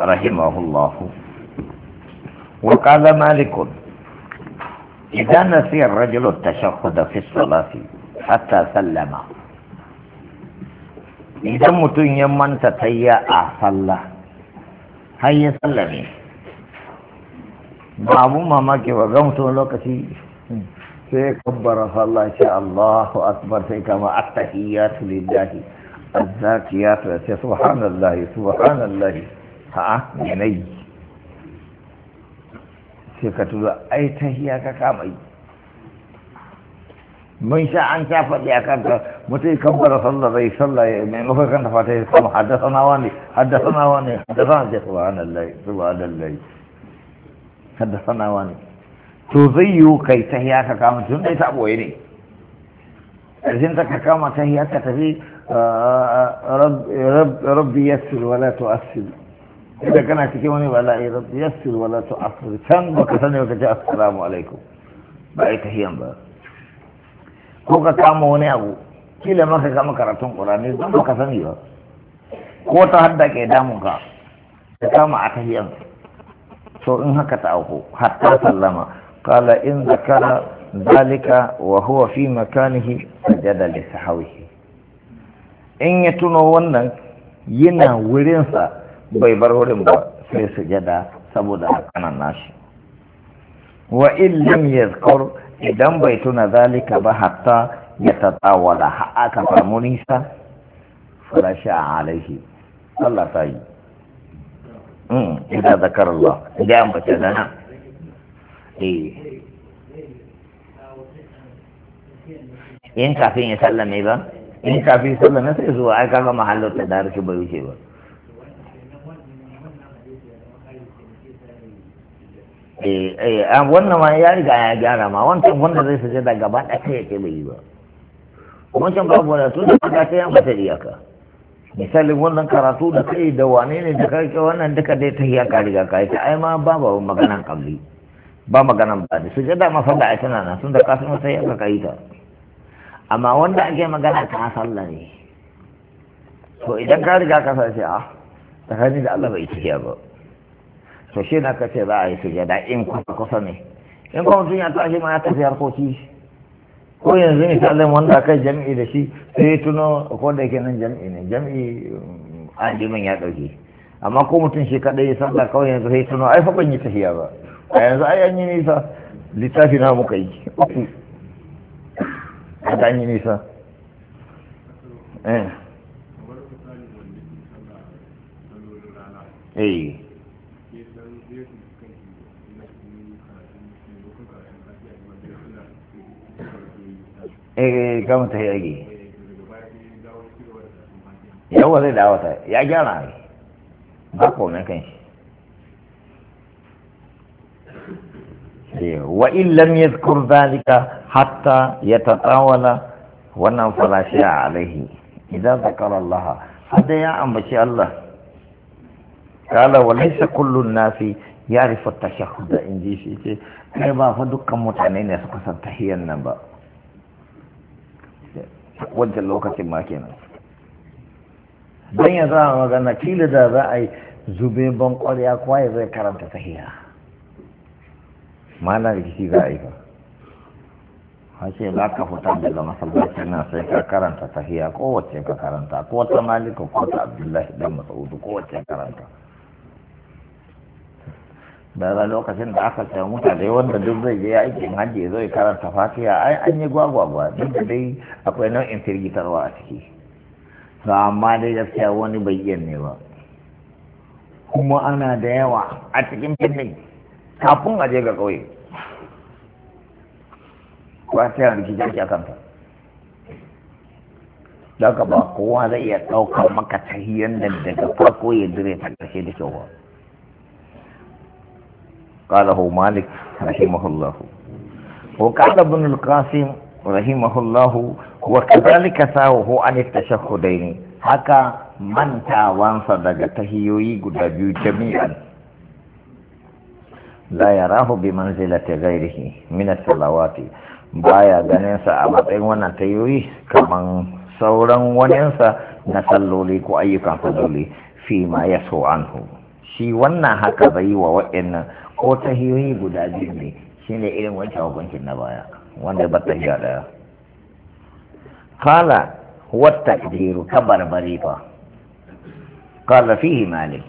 rahimahullahu wa qala malik idza nasiya ar-rajul at-tashahhud fi as-salati hatta sallama idan mutun ya manta tayya a salla har ya sallame babu mamaki ba ga mutum lokaci hmm, sai kabbara sallah sha Allahu akbar sai kama at-tahiyyatu lillahi الزاكيات التي سبحان الله سبحان الله ها مني سيكتب أي تهياك كامي mun sha an sha faɗi a kan ka mutum kabbara sallah bai sallah ya mai nufa kan ta fata ya samu haddasana wani haddasana wani haddasana ce subhanallah haddasa haddasana wani to zai yiwu kai ta hiya ka kama tun dai ta boye ne ƙarshen ta ka kama ta hiya ka tafi رب يسر ولا تؤثر إذا كان تكيوني ولا رب يسر ولا تؤثر كان بكثني وكجاء السلام عليكم بأيك هيان با كوكا كامو وني أبو kila maka kama karatun ƙurani don baka sani ba ko ta hadda ke damun ka ta kama a tahiyan so in haka ta auku hatta sallama Qala in zakara zalika wa huwa fi makanihi sajada li sahawihi in ya tuno wannan yana wurinsa bai bar wurin ba sai su jada saboda hakanan nashi wa illim yazkur idan bai tuna zalika ba hatta ya tatawala aka samu nisa a alaihi Allah ta yi mm, idan zakar Allah da mace da nan eh. in kafin ya sallame ba in kafin sallah na sai zuwa ai kaga mahallar ta darasi bai wuce ba eh, eh wannan ma ya riga ya gyara ma wancan wanda zai da gaba ɗaya yake bai yi ba wancan babu wani su da kaga ta yanka ta iyaka misalin wannan karatu da kai da wane ne da kai wannan duka dai ta iyaka riga kai ta ai ma ba ba maganan kabli ba maganan ba da sujada ma fa a tana na sun da kasan sai ya kai ta amma wanda ake magana ka sallah ne to idan ka riga ka sace a ah, tsakani da Allah bai cike ba to shi na kace za a yi sujada in kusa kusa ne in kuma mutum ya shi ma ya tafi harkoki ko yanzu misalin wanda kai jami'i da shi sai tuno ko da yake nan jami'i ne jam'i mun um, ya dauke amma ko mutum shi kadai ya sallah kawai yanzu sai tuno ai fa ban yi tafiya ba a yanzu ai an yi nisa littafi na muka yi a danyi nisa eh eh gama eh, ta yage yawa zai dawata ya gyara ne ba kome وإن لم يذكر ذلك حتى يتطاول وننفل شيء عليه إذا ذكر الله هذا يا أمشي الله قال وليس كل الناس يعرف التشهد إن جي شيء ما فدك متعنين يسقس التحية النبأ وجه اللوكة ما kenan don ذا za a ذا kila da za a yi zube ban kwarya kuwa da rikici za a yi ba hace za ka fita daga masallacin na sai ka karanta tahiya kowace ka karanta ko ta malika ko ta abdullahi dan masaudu kowace karanta daga lokacin da aka samu mutane wanda duk zai je aikin hajji zai karanta fatiha ai an yi gwagwagwa duk da dai akwai nau'in firgitarwa a ciki to amma dai gaskiya wani bayyan ne ba kuma ana da yawa a cikin filin kafin a je ga ƙauye ba ta yi rikici a kanta don ka ba kowa zai iya ɗaukar maka tahiyar da daga farko ya dire ta ƙarshe da kyau ba قاله مالك رحمه الله وقال ابن القاسم رحمه الله وكذلك ساوه عن التشهدين هكا من تاوان صدق تهيوي قد جميعا la yarahu bi manzilati ghairihi min as ba baya ganin sa a matsayin wannan tayoyi kaman sauran waninsa na salloli ko ayyukan salloli fi ma ya an anhu shi wannan haka bai wa wa'annan ko ta tahiyoyi guda biyu ne shi ne irin wancan hukuncin na baya wanda ba ta hiya daya wata jiru ta barbari ba kala fihi malik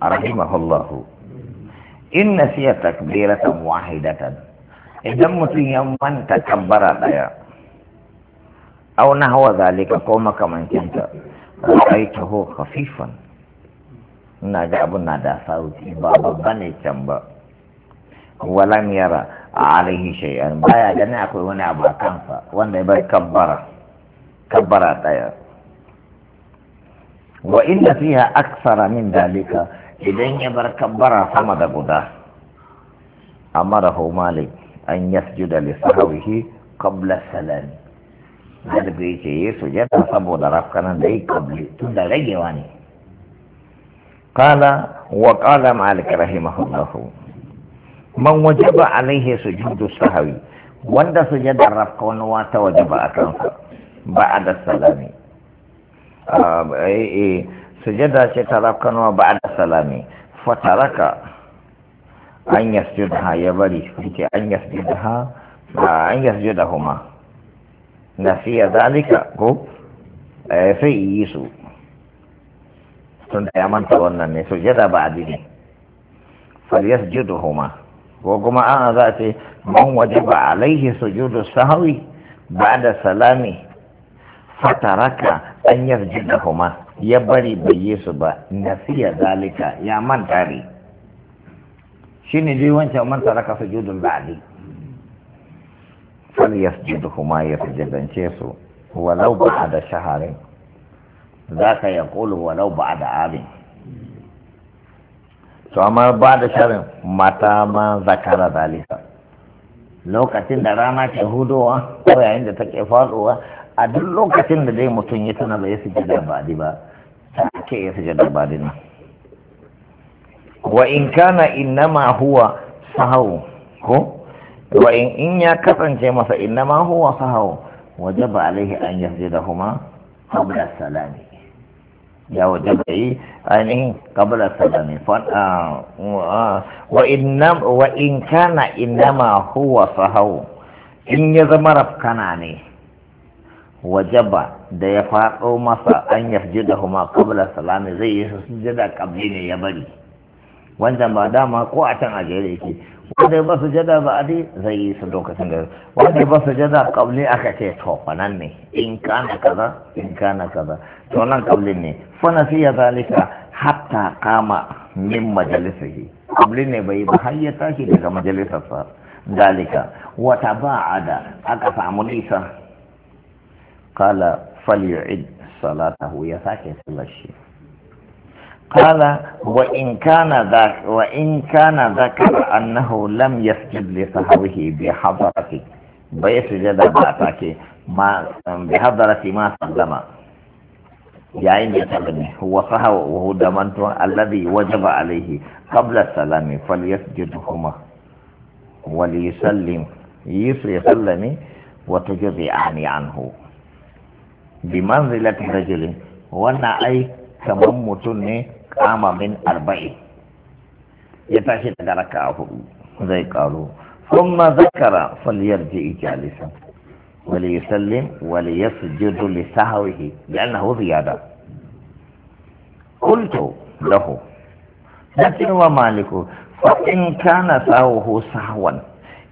rahimahullahu in nasiya takbiratan wahidatan idan mutum ya manta kambara daya auna hawa zalika ko makamancin ta ho khafifan ina ga abun na da sauti ba babba ne can ba walam yara alaihi shay'an baya ganin akwai wani abu a kansa wanda ya bar kabbara kabbara daya wa inna fiha aksara min dalika idan ya bar kabbara sama da guda amarahu malik an yasjuda li sahwihi qabla salam galibi ce yi sujada saboda rafkanan da yi kabli tun da ragewa ne kala wa kala malik rahimahullahu man wajaba alaihi sujudu sahawi wanda sujadar wata waje wajaba a kansa ba a da salami ah, eh, eh, sujada ce ta rafkanuwa ba da salami fataraka an ha ya bari yake an yasjudaha ba an yasjudahuma nasiya zalika ko eh, sai yi su tun da ya manta wannan ne sujada ba a dini fal huma. ko kuma an za a ce man wajaba alaihi sujudu sahawi ba da salami fataraka an huma. ya bari bai yi su ba siya zalika ya manta ne shi ne dai wancan manta raka sujudul ba'di fal ya huma yasjudance su walau da shaharin ya kulu walau da abin to amma da shaharin mata ma zakara zalika lokacin da rana ke hudowa ko yayin da take faduwa a duk lokacin da dai mutum ya tuna ba ya bai sujada ba di ba ke ya sujada ba di wa in kana innama huwa sahau, ko wa in in ya kasance masa innama huwa sahau, wajaba alaihi an yasjudahuma qabla salami ya wajaba yi ainihin qabla salami wa innam wa in kana innama huwa sahau, in ya zama rafkana ne wajaba da ya faɗo masa an yarje da huma kabla salami zai yi sujada kabli ne ya bari wancan ba dama ko a can a jere yake wanda ba su jada ba adi zai yi su lokacin da wanda ba su jada kabli aka ce to fanan ne in kana kaza in kana kaza to nan kablin ne fana fi ya zalika hatta kama min majalisihi kabli ne bai ba har ya tashi daga majalisarsa dalika wata ba'ada aka samu nisa قال فليعد صلاته يا يساكي صلى الشيء قال وإن كان ذاك وإن كان ذكر أنه لم يسجد لصحوه بحضرته بيسجد ذاتك ما بحضرته ما سلم جاين يتبني هو صحو وهو دمنت الذي وجب عليه قبل السلام فليسجدهما وليسلم يسلم وتجزئ عني عنه bi manzilati rajulin wannan ai kamar mutum ne kama min arba'in ya tashi daga raka a hudu zai karo kuma zakara faliyar ji ijalisan wali ya sallin, wali ya yasjudu li sahwihi bi annahu ziyada qultu lahu lakin wa maliku fa in kana sahwu sahwan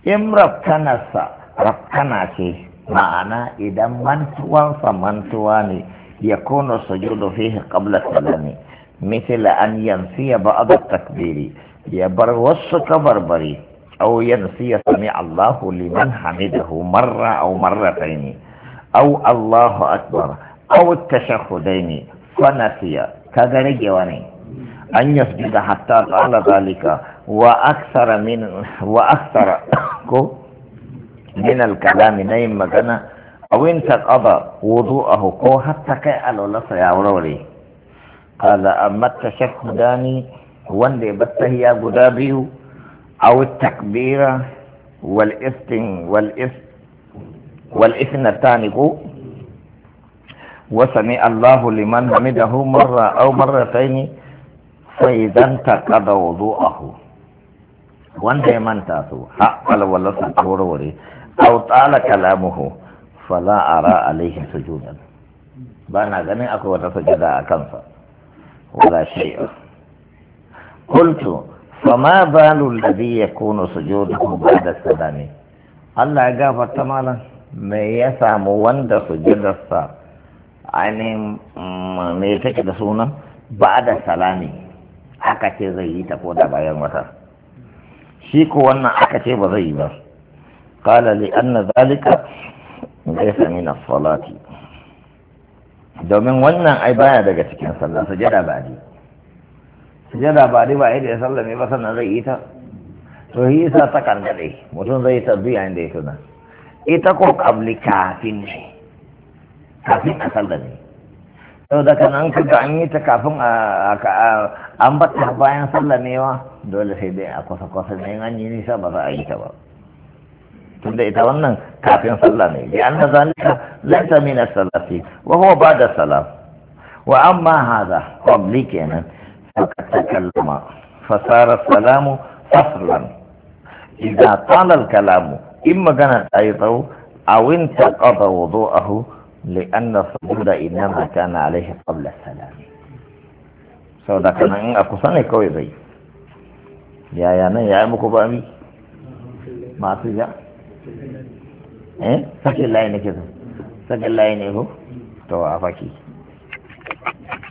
in rabkana sa rabkana ce معنا إذا من سوان فمن سواني يكون السجود فيه قبل السلام مثل أن ينسي بعض التكبير يبر وصك بربري أو ينسي سمع الله لمن حمده مرة أو مرتين أو الله أكبر أو التشهدين فنسي كذلك يواني أن يسجد حتى قال ذلك وأكثر من وأكثر min al-kalami na yin magana awin taqaba wudu'ahu ko hatta kai alwalasa ya warware qala amma tashahhudani wanda ya battahiya guda biyu aw takbira wal istin wal ist wal ko وسمع الله لمن حمده مرة أو مرتين فإذا انتقض وضوءه وانت من تاسو حق الولد aw tala kalamuhu fala ara alaihi sujudan ba na ganin akwai wata sujada a kansa wala shay'a qultu fama balu alladhi yakunu sujudahu ba'da salami Allah ya gafarta malam me ya samu wanda sujudarsa ainihin mm, me take da sunan ba da salami haka ce zai yi ta ko da bayan wata shi ko wannan aka ce ba zai yi ba قال لأن ذلك ليس من الصلاة domin wannan ai baya daga cikin sallah sujada ba ne sujada ba ne ba idan sallah mai ba sannan zai yi ta to yi sa ta kan mutum zai ta biya inda ya tuna ita ko kabli kafin ne kafin a sallah ne sau da kan an kaga an yi ta kafin an bata bayan sallah ne wa dole sai dai a kwasa-kwasa ne an yi nisa ba za a yi ta ba tunda ita wannan kafin sallah ne li anna zalika laysa min as-salati wa huwa ba'da salam wa amma hadha qabli kenan faqad takallama fa sara salamu faslan idza tala al-kalamu in magana ta yi tsawo aw intaqada wudu'ahu li anna sujuda innama kana alayhi qabla as-salam saboda kana in a kusa ne kawai zai yaya nan ya yi muku ba mi masu ya eh sakin layi nake so sakin layi ne ko to a faki